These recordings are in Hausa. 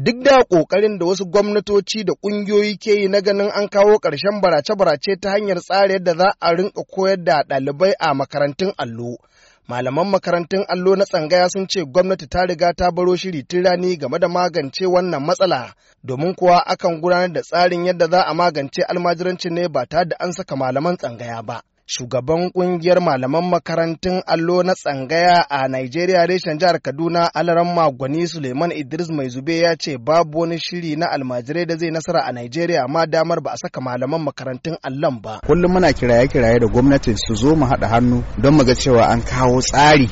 Duk da ƙoƙarin da wasu gwamnatoci da ƙungiyoyi ke yi na ganin an kawo ƙarshen barace-barace ta hanyar tsari yadda za a rinka koyar da ɗalibai a makarantun allo. Malaman makarantun allo na tsangaya sun ce gwamnati ta riga ta baro shiri tun rani game da magance wannan matsala, domin kuwa akan gudanar da tsarin yadda za a magance almajiranci ne ba tare da an saka malaman tsangaya ba. shugaban kungiyar malaman makarantun allo na tsangaya a Nigeria reshen jihar Kaduna alaran magwani Suleiman Idris Mai Zube ya ce babu wani shiri na almajirai da zai nasara a Nigeria ma damar ba a saka malaman makarantun allon ba. Kullum muna kiraye-kiraye da gwamnati su zo mu haɗa hannu don mu ga cewa an kawo tsari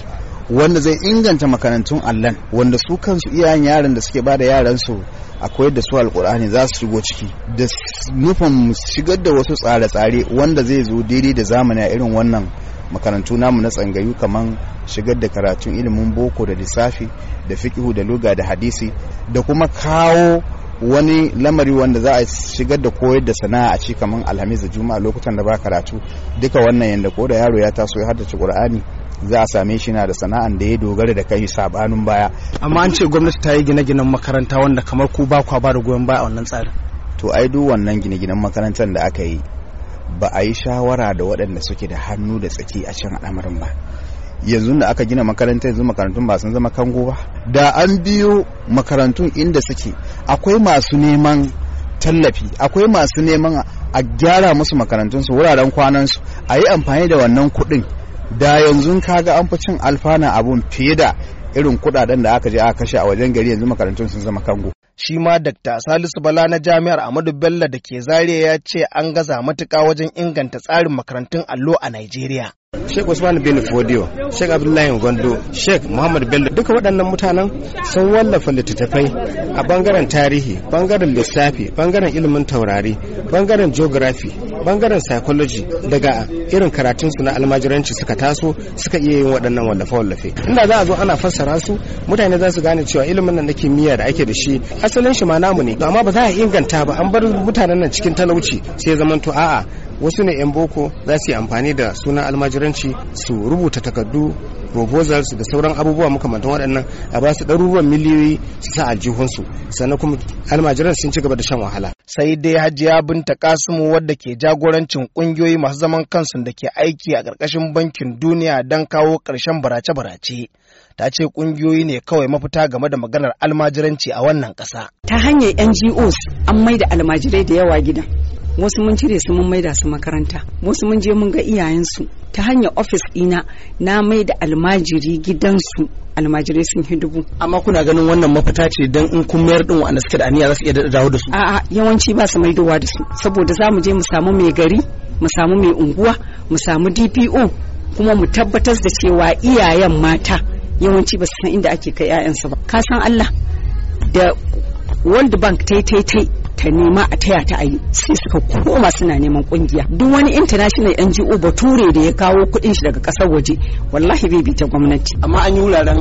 wanda zai inganta makarantun Allon, wanda su kansu iyayen yaran da suke bada yaran su a koyar da su alkur'ani za su shigo ciki da nufin shigar da wasu tsare-tsare wanda zai zo daidai da zamani a irin wannan makarantu namu na tsangayu kamar shigar da karatun ilimin boko da lissafi da fikihu da luga da hadisi da kuma kawo wani lamari wanda za a shigar da koyar da sana'a a ci kamar alhamis da juma'a lokutan da ba karatu duka wannan yadda ko da yaro ya taso ya haddace qur'ani za a same shi na da sana'an da ya dogara da kai sabanin baya amma an ce gwamnati ta yi gine-ginen makaranta wanda kamar ku ba kwa ba da goyon baya a wannan tsarin to ai duk wannan gine-ginen makarantar da aka yi ba a yi shawara da waɗanda suke da hannu da tsaki a can al'amarin ba yanzu da aka gina makarantar yanzu makarantun ba sun zama kango ba da an biyo makarantun inda suke akwai masu neman tallafi akwai masu neman a gyara musu makarantunsu wuraren kwanansu a yi amfani da wannan kuɗin da yanzu kaga an fi cin alfana abun fiye da irin kudaden da aka je aka kashe a wajen gari yanzu makarantun sun zama kango shi ma Dr. Salisu Bala na Jami'ar Amadu Bello da ke Zaria ya ce an gaza matuka wajen inganta tsarin makarantun allo a Najeriya. Sheikh Usman bin Fodio, Sheikh Abdullahi Gondo, Sheikh Muhammad Bello duka waɗannan mutanen sun wallafa littattafai a bangaren tarihi, bangaren lissafi, bangaren ilimin taurari, bangaren geography, bangaren psychology daga irin karatun su na almajiranci suka taso suka iya yin waɗannan wallafe-wallafe. Inda za a zo ana fassara su mutane za su gane cewa ilimin nan na kimiyya da ake da shi asalin shi ma namu ne amma ba za a inganta ba an bar mutanen nan cikin talauci sai zamanto a'a wasu ne 'yan boko za su yi amfani da sunan almajiranci su rubuta takardu proposals da sauran abubuwa makamantan waɗannan a ba su ɗaruruwan miliyoyi su sa aljihunsu sannan kuma almajiran sun ci gaba da shan wahala. sai dai hajiya binta kasimu wadda ke jagorancin ƙungiyoyi masu zaman kansu da ke aiki a ƙarƙashin bankin duniya don kawo ƙarshen barace-barace ta ce ƙungiyoyi ne kawai mafita game da maganar almajiranci a wannan ƙasa. ta hanyar ngos an mai da almajirai da yawa gidan wasu mun cire su mun maida su makaranta wasu mun je mun ga iyayensu ta hanyar ofis ɗina na maida almajiri gidansu almajirai sun hidubu. Amma kuna ganin wannan mafita ce don in kun mayar din wa'anda suke da aniya za su iya dawo da su? A'a yawanci ba su maidowa da su saboda za mu je mu samu mai gari mu samu mai unguwa mu samu DPO kuma mu tabbatar da cewa iyayen mata yawanci ba su san inda ake kai 'ya'yansu ba. Ka san Allah da World Bank tai tai ta nema a taya ta ayi sai suka koma suna neman kungiya duk wani international NGO bature da ya kawo kuɗin shi daga ƙasar waje wallahi bai ta gwamnati amma an yi wuraren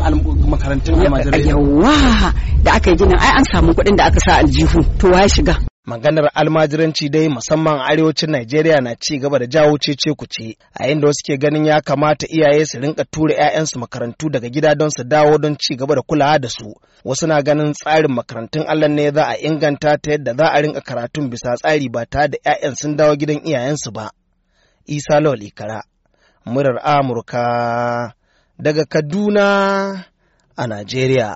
makarantun almajirai yawa da aka yi ginin ai an samu kuɗin da aka sa aljihu to ya shiga Maganar almajiranci dai musamman arewacin Najeriya na ci gaba da jawo cece kuce a inda wasu ke ganin ya kamata iyaye su rinka tura 'ya'yansu makarantu daga gida don su dawo don ci gaba da kulawa da su. Wasu na ganin tsarin makarantun Allah ne za a inganta ta yadda za a rinka karatun bisa tsari ba tare da 'ya'yan sun dawo gidan iyayensu ba. Isa Lawal Ikara, murar Amurka daga Kaduna a Najeriya.